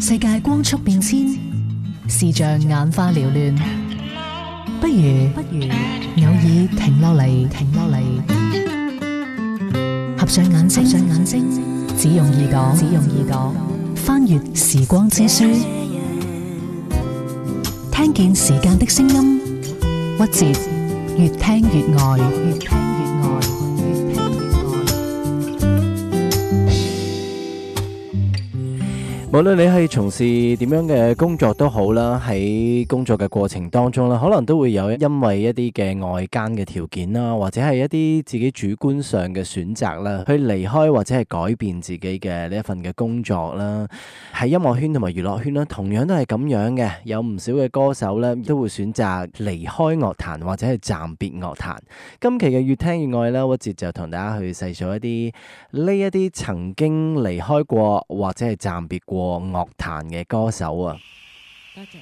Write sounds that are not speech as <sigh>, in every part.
世界光速變遷，視像眼花撩亂，不如，不如偶爾停落嚟，合上眼睛，只用耳朵翻閱時光之書，yeah, yeah. 聽見時間的聲音，曲折越聽越愛。越聽越愛無論你係從事點樣嘅工作都好啦，喺工作嘅過程當中啦，可能都會有因為一啲嘅外間嘅條件啦，或者係一啲自己主觀上嘅選擇啦，去離開或者係改變自己嘅呢一份嘅工作啦。喺音樂圈同埋娛樂圈啦，同樣都係咁樣嘅，有唔少嘅歌手呢都會選擇離開樂壇或者係暫別樂壇。今期嘅越聽越愛啦，我哋就同大家去細數一啲呢一啲曾經離開過或者係暫別過。和樂壇嘅歌手啊，多謝。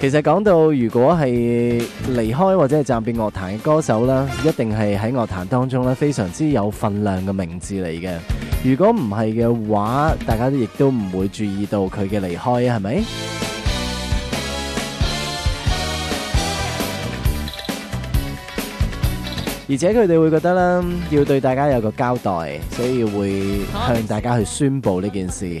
其實講到如果係離開或者係暫別樂壇嘅歌手啦，一定係喺樂壇當中咧，非常之有份量嘅名字嚟嘅。如果唔係嘅話，大家亦都唔會注意到佢嘅離開啊，係咪？而且佢哋會覺得啦，要對大家有個交代，所以會向大家去宣布呢件事。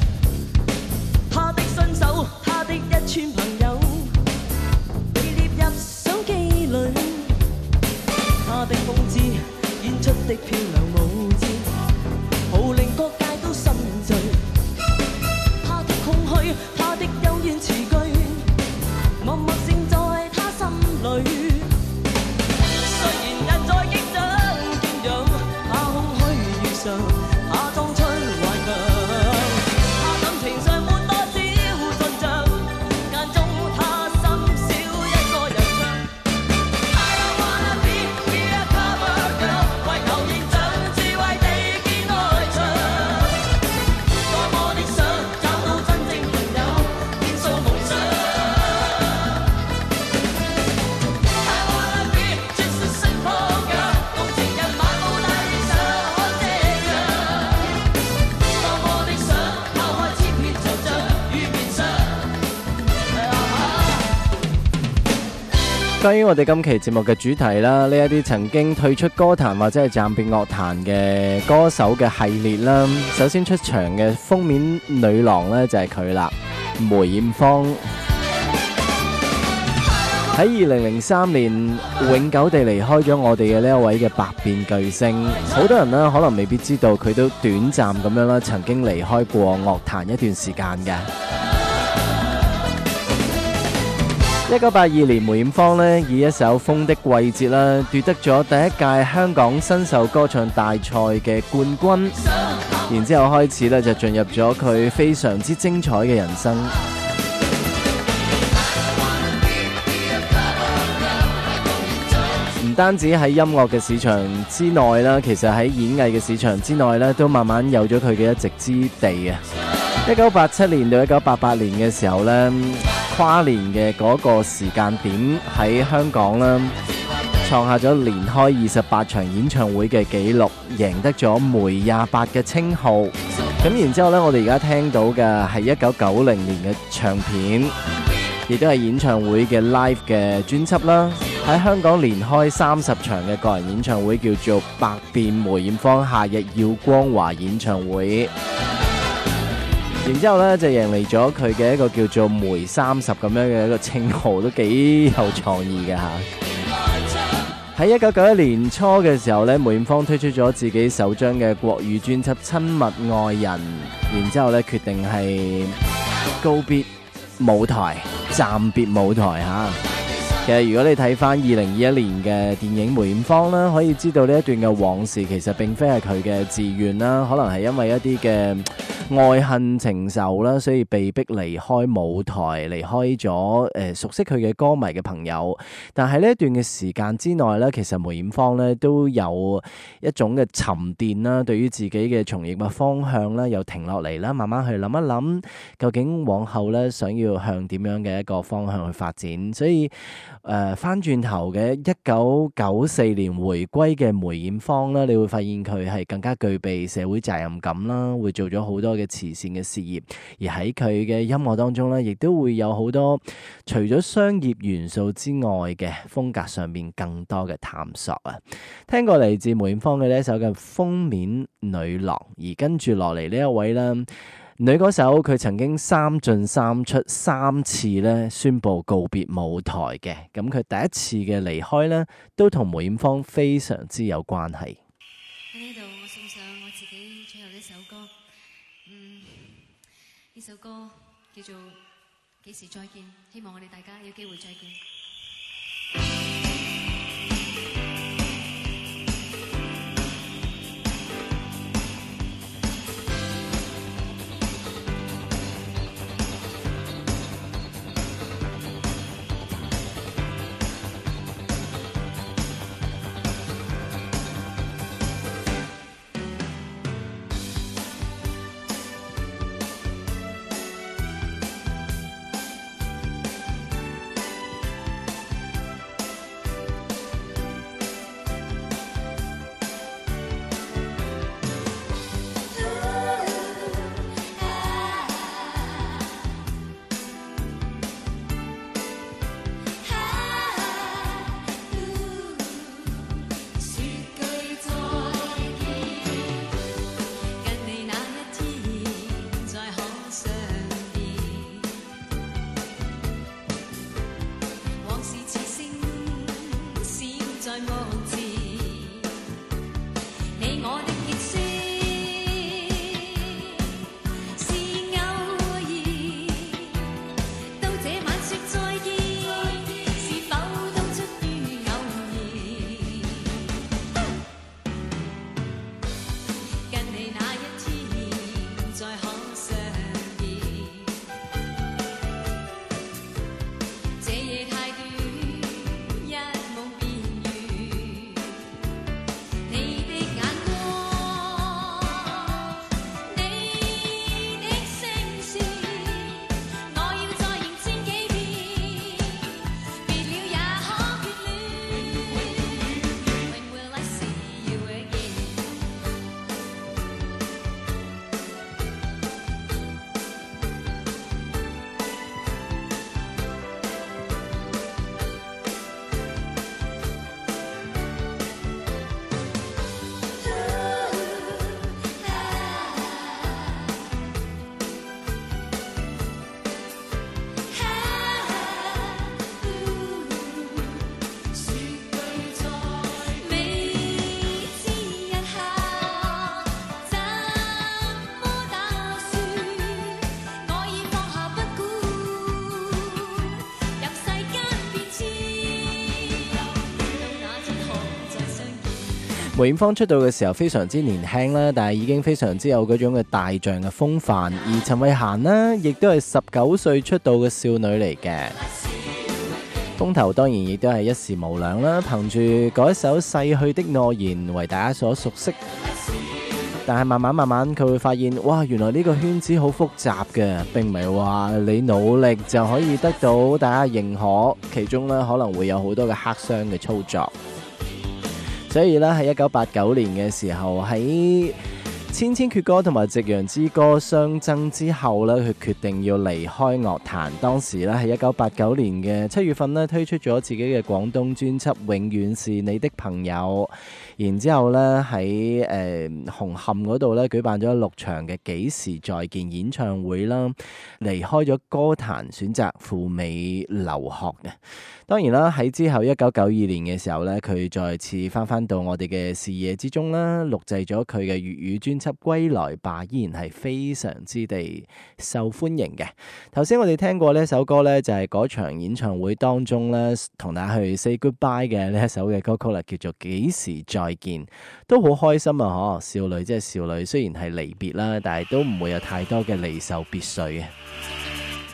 關於我哋今期節目嘅主題啦，呢一啲曾經退出歌壇或者係暫別樂壇嘅歌手嘅系列啦，首先出場嘅封面女郎呢，就係佢啦，梅艷芳。喺二零零三年，永久地離開咗我哋嘅呢一位嘅百變巨星，好多人呢可能未必知道，佢都短暫咁樣啦，曾經離開過樂壇一段時間嘅。一九八二年，梅艷芳咧以一首《風的季節》啦，奪得咗第一屆香港新秀歌唱大賽嘅冠軍，然之後開始咧就進入咗佢非常之精彩嘅人生。唔單止喺音樂嘅市場之內啦，其實喺演藝嘅市場之內咧，都慢慢有咗佢嘅一席之地啊！一九八七年到一九八八年嘅時候咧。跨年嘅嗰個時間點喺香港啦，創下咗連開二十八場演唱會嘅紀錄，贏得咗梅廿八嘅稱號。咁然之後咧，我哋而家聽到嘅係一九九零年嘅唱片，亦都係演唱會嘅 live 嘅專輯啦。喺香港連開三十場嘅個人演唱會叫做《百變梅艷芳夏日耀光華演唱會》。然之後咧就迎嚟咗佢嘅一個叫做梅三十咁樣嘅一個稱號，都幾有創意嘅吓。喺一九九一年初嘅時候咧，梅艷芳推出咗自己首張嘅國語專輯《親密愛人》，然之後咧決定係告別舞台，暫別舞台吓。其實如果你睇翻二零二一年嘅電影《梅艷芳》啦，可以知道呢一段嘅往事其實並非係佢嘅自願啦，可能係因為一啲嘅。愛恨情仇啦，所以被迫離開舞台，離開咗誒、呃、熟悉佢嘅歌迷嘅朋友。但係呢一段嘅時間之內咧，其實梅艷芳咧都有一種嘅沉澱啦，對於自己嘅從業物方向咧又停落嚟啦，慢慢去諗一諗究竟往後咧想要向點樣嘅一個方向去發展。所以誒翻轉頭嘅一九九四年回歸嘅梅艷芳咧，你會發現佢係更加具備社會責任感啦，會做咗好多嘅慈善嘅事業，而喺佢嘅音樂當中咧，亦都會有好多除咗商業元素之外嘅風格上面更多嘅探索啊！聽過嚟自梅艷芳嘅呢首嘅《封面女郎》，而跟住落嚟呢一位咧女歌手，佢曾經三進三出三次咧宣布告別舞台嘅，咁佢第一次嘅離開呢，都同梅艷芳非常之有關係。叫做幾時再見，希望我哋大家有機會再見。梅艷芳出道嘅時候非常之年輕啦，但係已經非常之有嗰種嘅大將嘅風範。而陳慧嫻呢，亦都係十九歲出道嘅少女嚟嘅。風頭當然亦都係一時無兩啦，憑住嗰一首《逝去的諾言》為大家所熟悉。但係慢慢慢慢，佢會發現，哇，原來呢個圈子好複雜嘅，並唔係話你努力就可以得到大家認可，其中呢，可能會有好多嘅黑箱嘅操作。所以咧，喺一九八九年嘅時候，喺《千千闕歌》同埋《夕陽之歌》相爭之後呢，佢決定要離開樂壇。當時呢，喺一九八九年嘅七月份呢，推出咗自己嘅廣東專輯《永遠是你的朋友》，然，然之後呢，喺誒紅磡嗰度呢舉辦咗六場嘅《幾時再見》演唱會啦，離開咗歌壇，選擇赴美留學嘅。當然啦，喺之後一九九二年嘅時候咧，佢再次翻返到我哋嘅視野之中啦，錄製咗佢嘅粵語專輯《歸來吧》，依然係非常之地受歡迎嘅。頭先我哋聽過呢首歌咧，就係嗰場演唱會當中咧，同大家去 say goodbye 嘅呢一首嘅歌曲啦，叫做《幾時再見》，都好開心啊！嗬！少女即係少女，雖然係離別啦，但係都唔會有太多嘅離愁別緒嘅。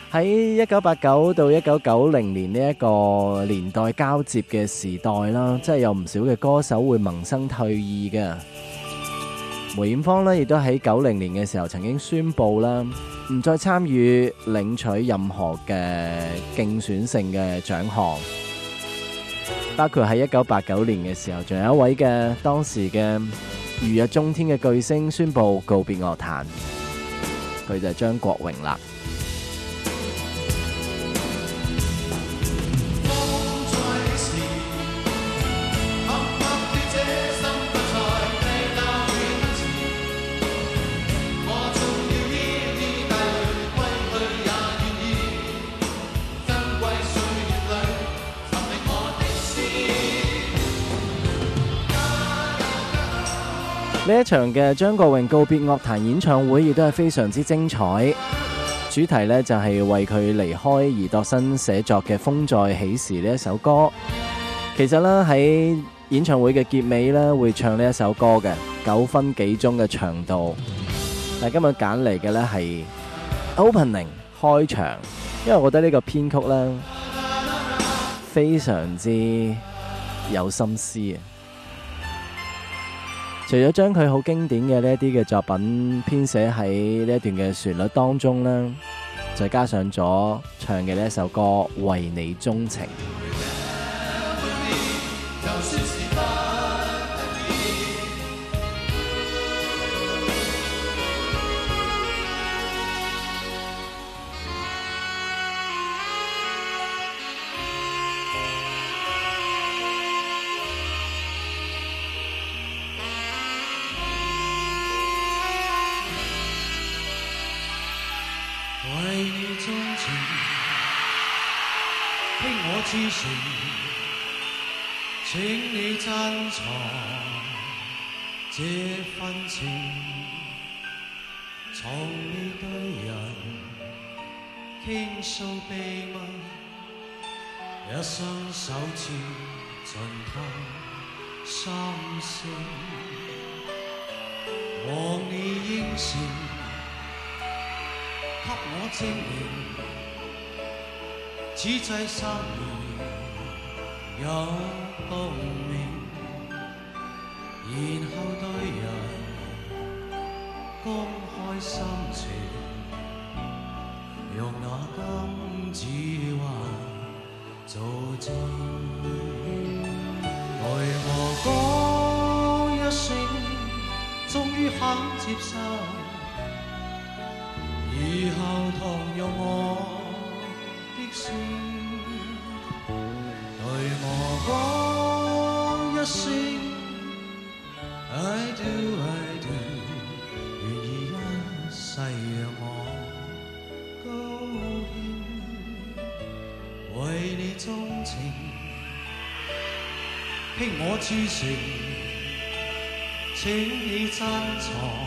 喺一九八九到一九九零年呢一個年代交接嘅時代啦，即係有唔少嘅歌手會萌生退意嘅。梅艷芳呢，亦都喺九零年嘅時候曾經宣布啦，唔再參與領取任何嘅競選性嘅獎項。包括喺一九八九年嘅時候，仲有一位嘅當時嘅如日中天嘅巨星宣布告別樂壇，佢就係張國榮啦。場嘅張國榮告別樂壇演唱會亦都係非常之精彩，主題呢，就係為佢離開而度身寫作嘅《風再起時》呢一首歌。其實呢，喺演唱會嘅結尾呢，會唱呢一首歌嘅九分幾鐘嘅長度，但今日揀嚟嘅呢係 opening 開場，因為我覺得呢個編曲呢，非常之有心思啊。除咗將佢好經典嘅呢啲嘅作品編寫喺呢一段嘅旋律當中咧，再加上咗唱嘅呢一首歌《為你鍾情》。以後同用我的笑，對我講一聲 I do I do，願意一世讓我高興，為你鍾情，披我忠誠，請你珍藏。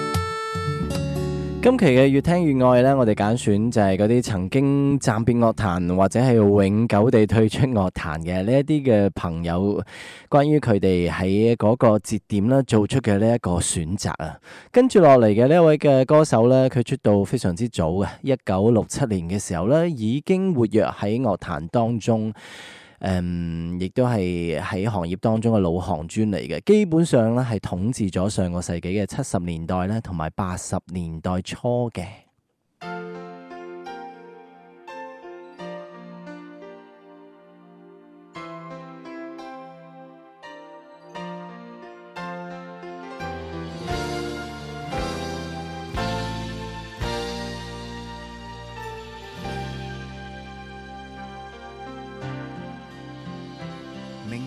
今期嘅越聽越愛呢，我哋揀選就係嗰啲曾經暫別樂壇或者係永久地退出樂壇嘅呢一啲嘅朋友，關於佢哋喺嗰個節點啦，做出嘅呢一個選擇啊。跟住落嚟嘅呢一位嘅歌手呢，佢出道非常之早嘅，一九六七年嘅時候呢，已經活躍喺樂壇當中。嗯，亦都係喺行業當中嘅老行專嚟嘅，基本上咧係統治咗上個世紀嘅七十年代咧，同埋八十年代初嘅。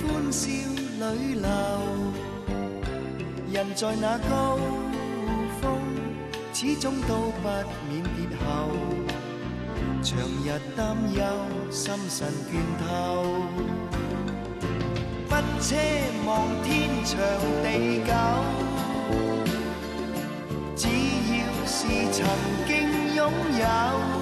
歡笑裏流，人在那高峰始終都不免跌後，長日擔憂，心神倦透，不奢望天長地久，只要是曾經擁有。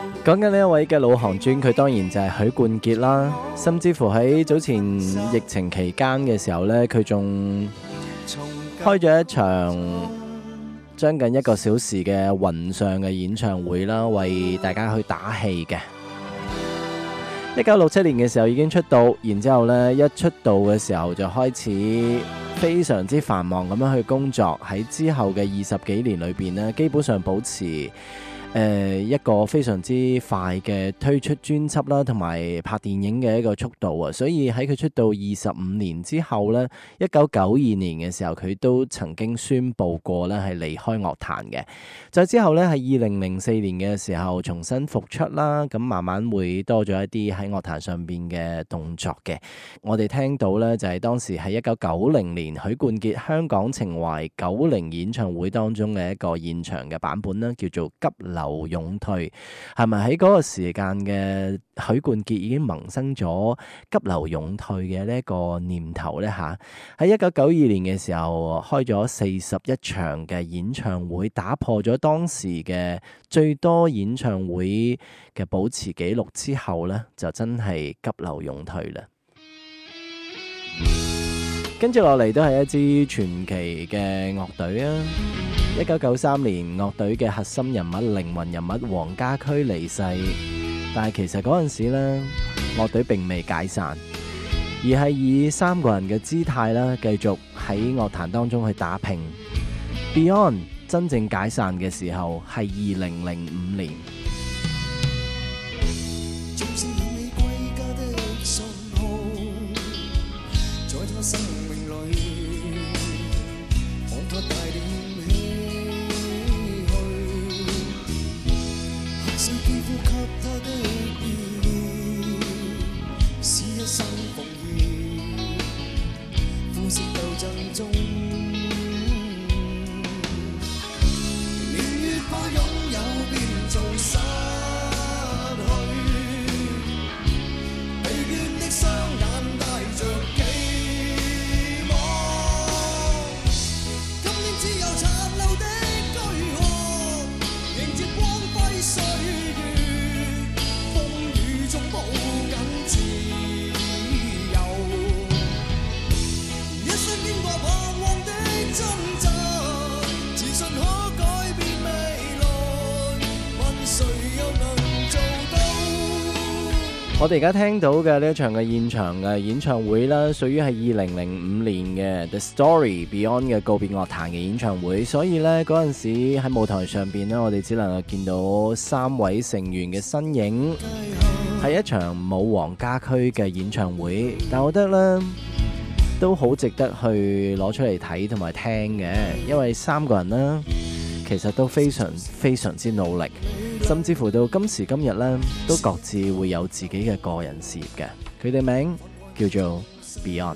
講緊呢一位嘅老行專，佢當然就係許冠傑啦，甚至乎喺早前疫情期間嘅時候呢，佢仲開咗一場將近一個小時嘅雲上嘅演唱會啦，為大家去打氣嘅。一九六七年嘅時候已經出道，然之後呢一出道嘅時候就開始非常之繁忙咁樣去工作，喺之後嘅二十幾年裏邊呢，基本上保持。誒一個非常之快嘅推出專輯啦，同埋拍電影嘅一個速度啊，所以喺佢出道二十五年之後咧，一九九二年嘅時候，佢都曾經宣布過咧係離開樂壇嘅。就之後咧，係二零零四年嘅時候重新復出啦，咁慢慢會多咗一啲喺樂壇上邊嘅動作嘅。我哋聽到咧就係當時喺一九九零年許冠傑香港情懷九零演唱會當中嘅一個現場嘅版本啦，叫做急流流勇退係咪喺嗰個時間嘅許冠傑已經萌生咗急流勇退嘅呢個念頭呢？吓，喺一九九二年嘅時候開咗四十一場嘅演唱會打破咗當時嘅最多演唱會嘅保持紀錄之後呢，就真係急流勇退啦，跟住落嚟都係一支傳奇嘅樂隊啊！一九九三年，樂隊嘅核心人物、靈魂人物黃家駒離世，但係其實嗰陣時咧，樂隊並未解散，而係以三個人嘅姿態啦，繼續喺樂壇當中去打拼。Beyond 真正解散嘅時候係二零零五年。我哋而家聽到嘅呢一場嘅現場嘅演唱會啦，屬於係二零零五年嘅 The Story Beyond 嘅告別樂壇嘅演唱會，所以呢，嗰陣時喺舞台上邊呢，我哋只能夠見到三位成員嘅身影，係一場冇王家駒嘅演唱會，但我覺得呢，都好值得去攞出嚟睇同埋聽嘅，因為三個人呢，其實都非常非常之努力。甚至乎到今時今日呢，都各自會有自己嘅個人事業嘅，佢哋名叫做 Beyond。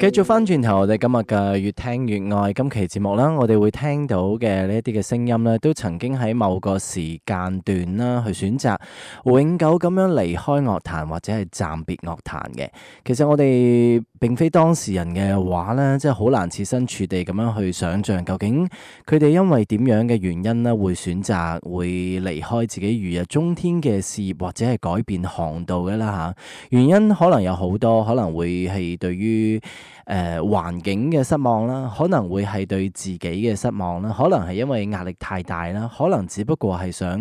繼續返轉頭，我哋今日嘅越聽越愛今期節目啦，我哋會聽到嘅呢一啲嘅聲音咧，都曾經喺某個時間段啦去選擇永久咁樣離開樂壇，或者係暫別樂壇嘅。其實我哋。並非當事人嘅話呢，即係好難切身處地咁樣去想像，究竟佢哋因為點樣嘅原因呢，會選擇會離開自己如日中天嘅事業，或者係改變行道嘅啦，原因可能有好多，可能會係對於誒環境嘅失望啦，可能會係對自己嘅失望啦，可能係因為壓力太大啦，可能只不過係想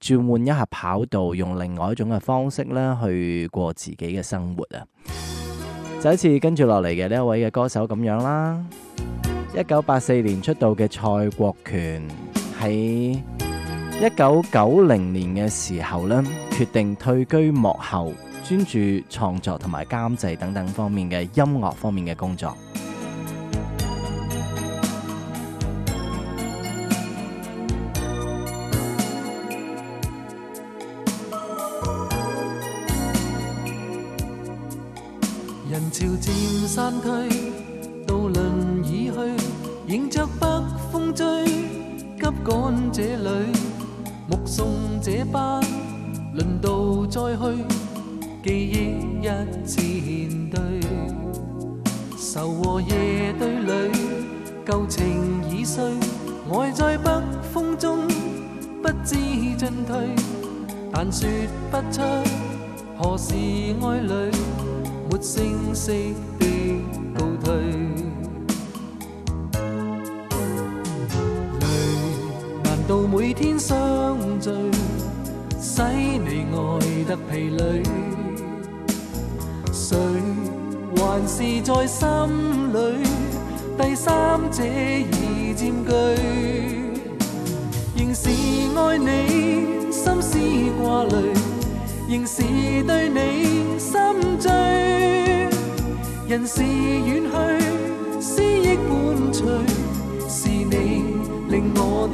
轉換一下跑道，用另外一種嘅方式咧去過自己嘅生活啊。就好似跟住落嚟嘅呢一位嘅歌手咁樣啦，一九八四年出道嘅蔡國權喺一九九零年嘅時候咧，決定退居幕後，專注創作同埋監製等等方面嘅音樂方面嘅工作。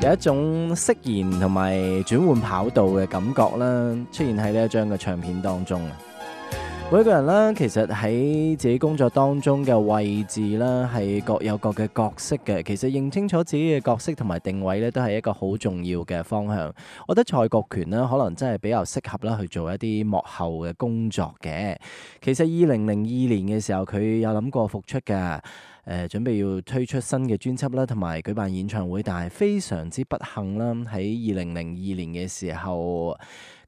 有一種釋然同埋轉換跑道嘅感覺啦，出現喺呢一張嘅唱片當中啊。每一個人啦，其實喺自己工作當中嘅位置啦，係各有各嘅角色嘅。其實認清楚自己嘅角色同埋定位咧，都係一個好重要嘅方向。我覺得蔡國權啦，可能真係比較適合啦去做一啲幕後嘅工作嘅。其實二零零二年嘅時候，佢有諗過復出嘅。誒準備要推出新嘅專輯啦，同埋舉辦演唱會，但係非常之不幸啦。喺二零零二年嘅時候，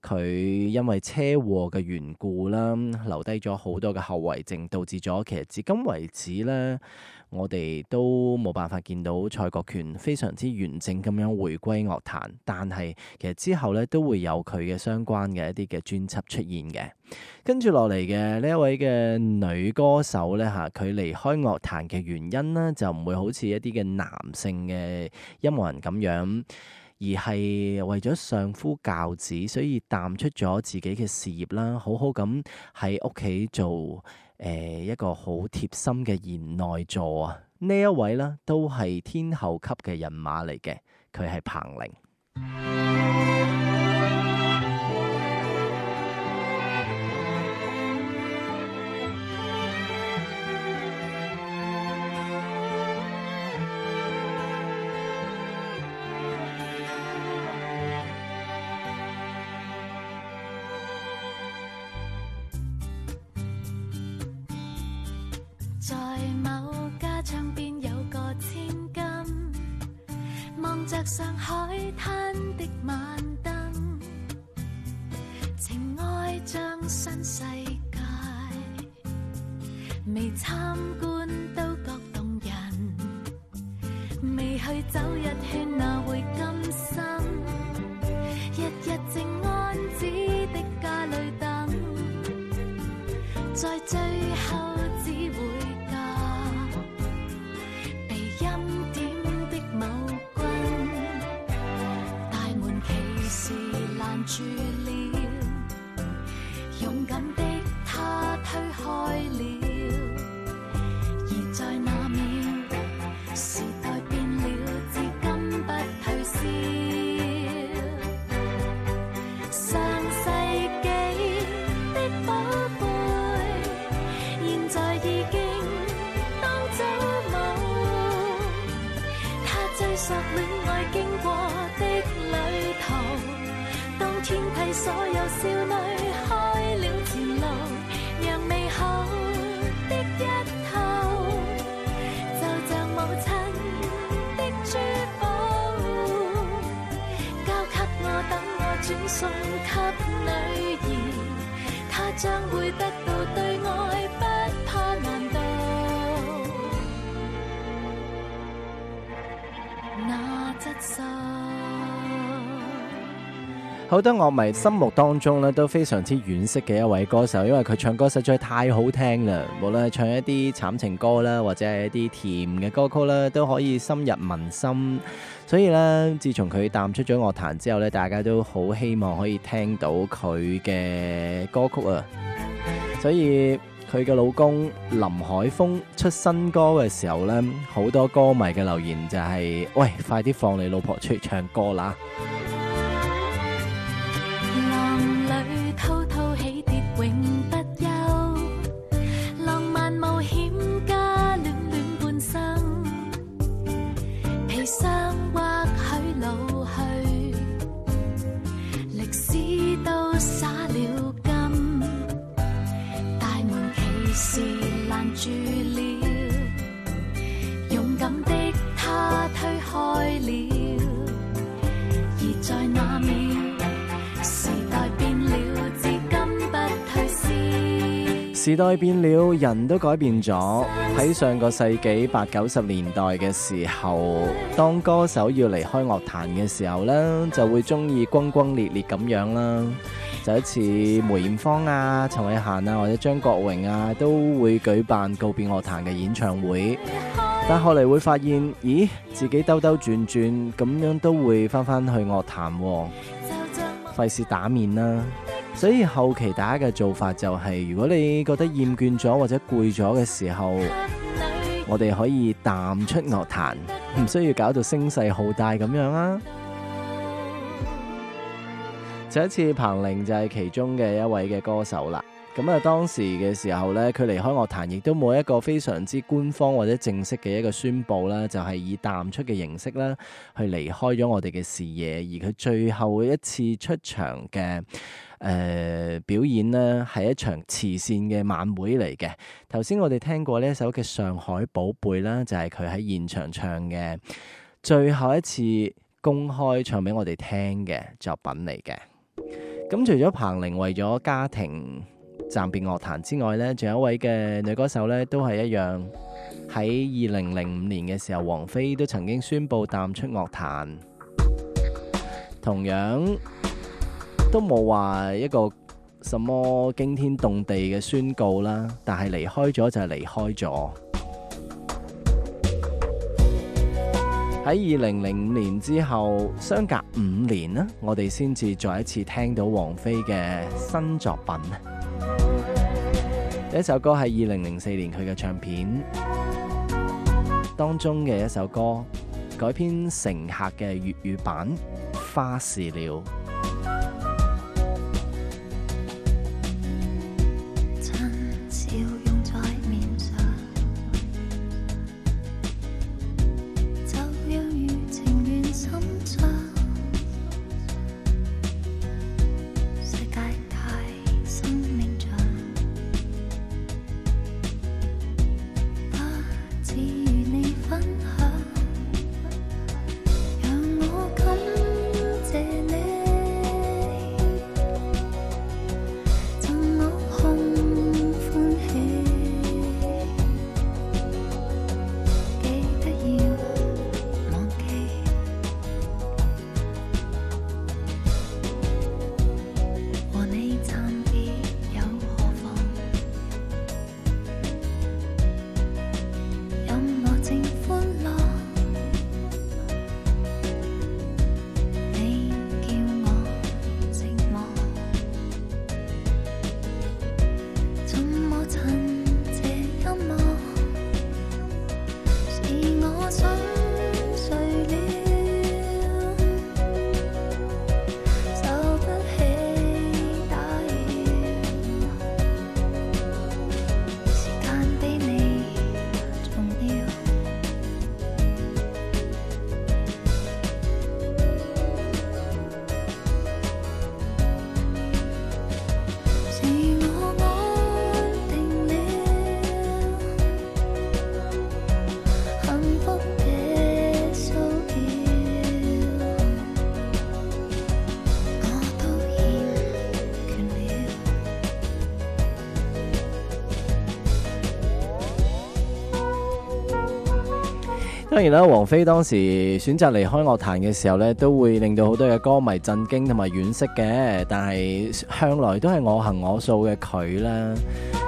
佢因為車禍嘅緣故啦，留低咗好多嘅後遺症，導致咗其實至今為止咧，我哋都冇辦法見到蔡國權非常之完整咁樣回歸樂壇，但係其實之後咧都會有佢嘅相關嘅一啲嘅專輯出現嘅。跟住落嚟嘅呢一位嘅女歌手咧嚇，佢離開樂壇嘅原因呢，就唔會好似一啲嘅男性嘅音樂人咁樣，而係為咗上夫教子，所以淡出咗自己嘅事業啦，好好咁喺屋企做誒、呃、一個好貼心嘅賢內助啊！呢一位呢都係天后級嘅人馬嚟嘅，佢係彭羚。在戀愛經過的旅途，當天替所有少女開了前路，讓美好的一套，就像母親的珠寶，交給我等我轉送給女兒，她將會得到對愛。好多樂迷心目當中咧都非常之惋惜嘅一位歌手，因為佢唱歌實在太好聽啦！無論係唱一啲慘情歌啦，或者係一啲甜嘅歌曲啦，都可以深入民心。所以咧，自從佢淡出咗樂壇之後咧，大家都好希望可以聽到佢嘅歌曲啊！所以佢嘅老公林海峰出新歌嘅時候咧，好多歌迷嘅留言就係：喂，快啲放你老婆出去唱歌啦！時代變了，人都改變咗。喺上個世紀八九十年代嘅時候，當歌手要離開樂壇嘅時候呢，就會中意轟轟烈烈咁樣啦。就好似梅艷芳啊、陳慧嫻啊或者張國榮啊，都會舉辦告別樂壇嘅演唱會。但後嚟會發現，咦，自己兜兜轉轉咁樣都會翻返去樂壇喎，啊，費事打面啦。所以後期大家嘅做法就係，如果你覺得厭倦咗或者攰咗嘅時候，我哋可以淡出樂壇，唔需要搞到聲勢浩大咁樣啊。就一次彭羚就係其中嘅一位嘅歌手啦。咁啊，當時嘅時候呢，佢離開樂壇亦都冇一個非常之官方或者正式嘅一個宣布啦，就係以淡出嘅形式啦，去離開咗我哋嘅視野。而佢最後一次出場嘅。誒、呃、表演咧係一場慈善嘅晚會嚟嘅。頭先我哋聽過呢首嘅《上海寶貝》啦，就係佢喺現場唱嘅最後一次公開唱俾我哋聽嘅作品嚟嘅。咁除咗彭羚為咗家庭暫別樂壇之外呢，仲有一位嘅女歌手呢，都係一樣喺二零零五年嘅時候，王菲都曾經宣布淡出樂壇，同樣。都冇話一個什麼驚天動地嘅宣告啦。但係離開咗就係離開咗。喺二零零五年之後，相隔五年，我哋先至再一次聽到王菲嘅新作品。呢一首歌係二零零四年佢嘅唱片當中嘅一首歌，改編乘客嘅粵語版《花事了》。當然啦，王菲當時選擇離開樂壇嘅時候咧，都會令到好多嘅歌迷震驚同埋惋惜嘅。但係向來都係我行我素嘅佢啦。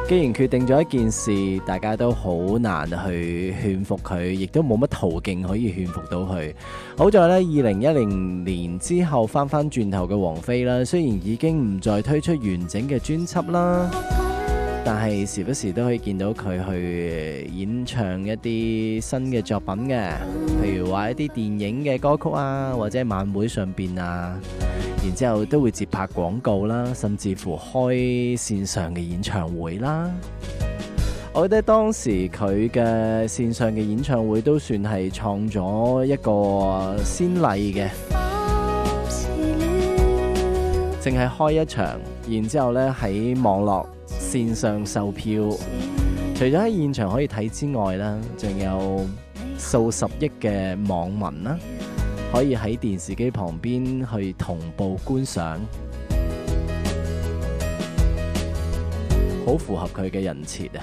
既然決定咗一件事，大家都好難去勸服佢，亦都冇乜途徑可以勸服到佢。好在咧，二零一零年之後翻翻轉頭嘅王菲啦，雖然已經唔再推出完整嘅專輯啦。但係時不時都可以見到佢去演唱一啲新嘅作品嘅，譬如話一啲電影嘅歌曲啊，或者晚會上邊啊，然之後都會接拍廣告啦，甚至乎開綫上嘅演唱會啦。我覺得當時佢嘅綫上嘅演唱會都算係創咗一個先例嘅，淨係開一場，然之後咧喺網絡。線上售票，除咗喺現場可以睇之外啦，仲有數十億嘅網民啦，可以喺電視機旁邊去同步觀賞，好符合佢嘅人設啊！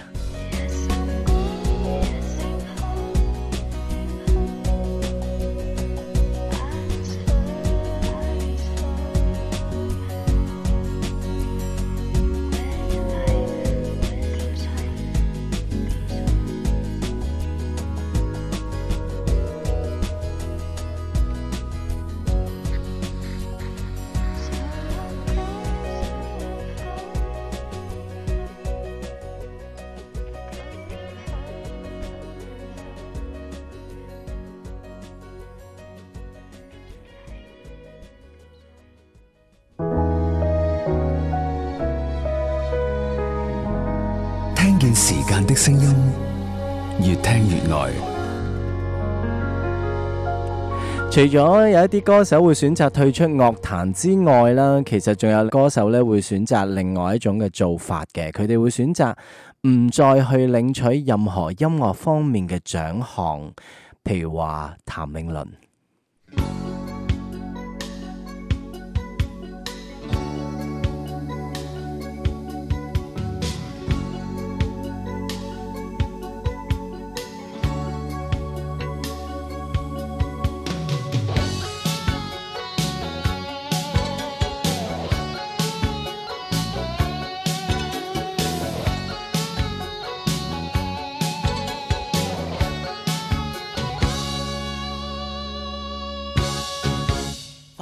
除咗有一啲歌手會選擇退出樂壇之外啦，其實仲有歌手咧會選擇另外一種嘅做法嘅，佢哋會選擇唔再去領取任何音樂方面嘅獎項，譬如話譚詠麟。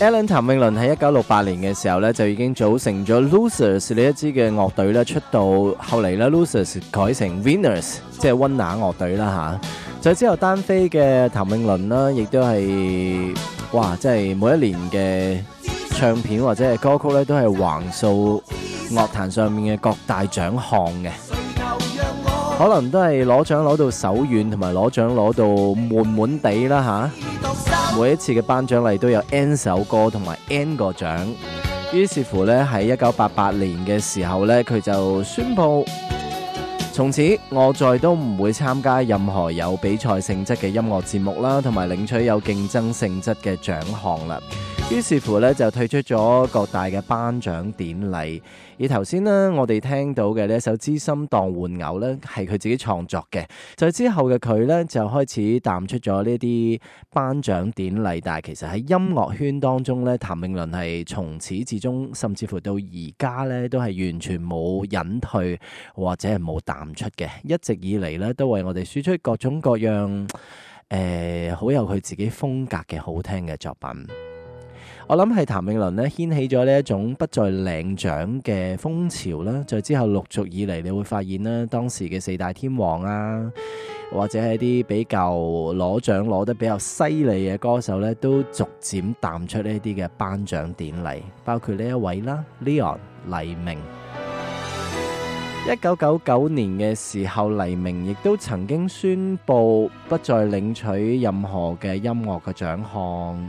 Alan 譚詠麟喺一九六八年嘅時候咧，就已經組成咗 Losers 呢一支嘅樂隊啦，出道後嚟咧 Losers 改成 Winners 即係溫拿樂隊啦吓。就之後單飛嘅譚詠麟啦，亦都係哇，即係每一年嘅唱片或者係歌曲咧，都係橫掃樂壇上面嘅各大獎項嘅，可能都係攞獎攞到手軟，同埋攞獎攞到悶悶地啦吓。每一次嘅頒獎禮都有 n 首歌同埋 n 個獎，於是乎咧，喺一九八八年嘅時候咧，佢就宣布從此我再都唔會參加任何有比賽性質嘅音樂節目啦，同埋領取有競爭性質嘅獎項啦。於是乎咧，就退出咗各大嘅頒獎典禮。而頭先呢，我哋聽到嘅呢首《知心當玩偶》呢，係佢自己創作嘅。就之後嘅佢呢，就開始淡出咗呢啲頒獎典禮。但係其實喺音樂圈當中呢，譚詠麟係從始至終，甚至乎到而家呢，都係完全冇隱退或者係冇淡出嘅。一直以嚟呢，都為我哋輸出各種各樣誒、呃、好有佢自己風格嘅好聽嘅作品。我諗係譚詠麟咧掀起咗呢一種不再領獎嘅風潮啦，在之後陸續以嚟，你會發現啦，當時嘅四大天王啊，或者係啲比較攞獎攞得比較犀利嘅歌手咧，都逐漸淡出呢啲嘅頒獎典禮，包括呢一位啦，Leon 黎明。一九九九年嘅時候，黎明亦都曾經宣布不再領取任何嘅音樂嘅獎項。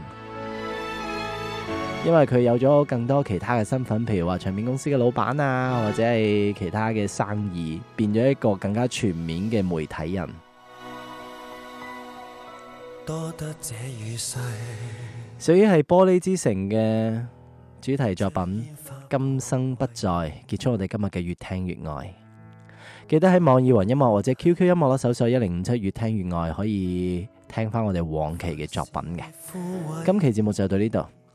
因為佢有咗更多其他嘅身份，譬如話唱片公司嘅老闆啊，或者係其他嘅生意，變咗一個更加全面嘅媒體人。多得這世所以係《玻璃之城》嘅主題作品《今生不再》，結束我哋今日嘅越聽越愛。記得喺網易雲音樂或者 QQ 音樂啦搜索一零五七越聽越愛，可以聽翻我哋往期嘅作品嘅。今期節目就到呢度。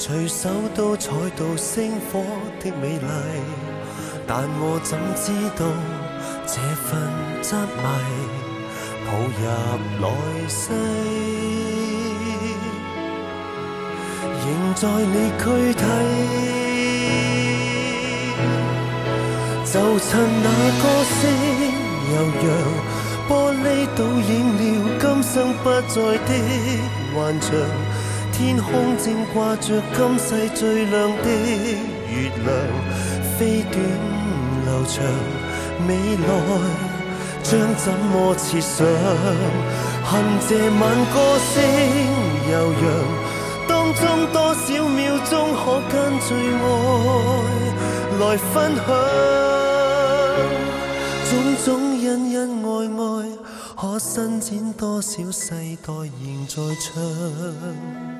隨手都採到星火的美麗，但我怎知道這份執迷抱入來世，仍在你軀體。就趁那個星悠揚，玻璃倒映了今生不再的幻象。天空正掛着今世最亮的月亮，飛短流長，未來將怎麼設想？恨這晚歌聲悠揚，當中多少秒鐘可跟最愛來分享？種種恩恩愛愛，可伸展多少世代仍在唱？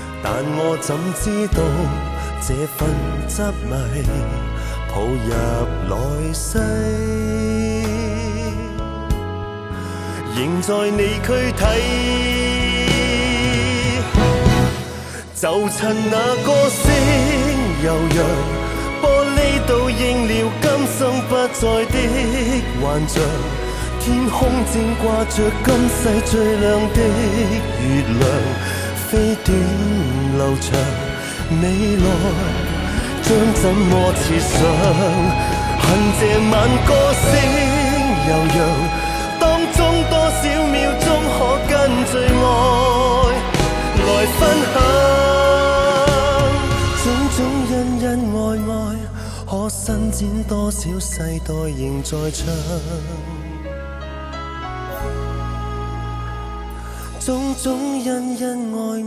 但我怎知道這份執迷抱入來世，仍在你軀體。就趁那歌聲悠揚，玻璃倒映了今生不再的幻象，天空正掛着今世最亮的月亮。飛短流長，未來將怎麼設想？恨這晚歌聲悠揚，當中多少秒鐘可跟最愛來分享？ <noise> 種種恩恩愛愛，可伸展多少世代仍在唱？種種恩恩愛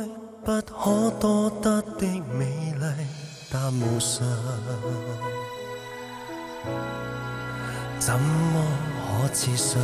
愛，不可多得的美麗，但無常，怎麼可痴想？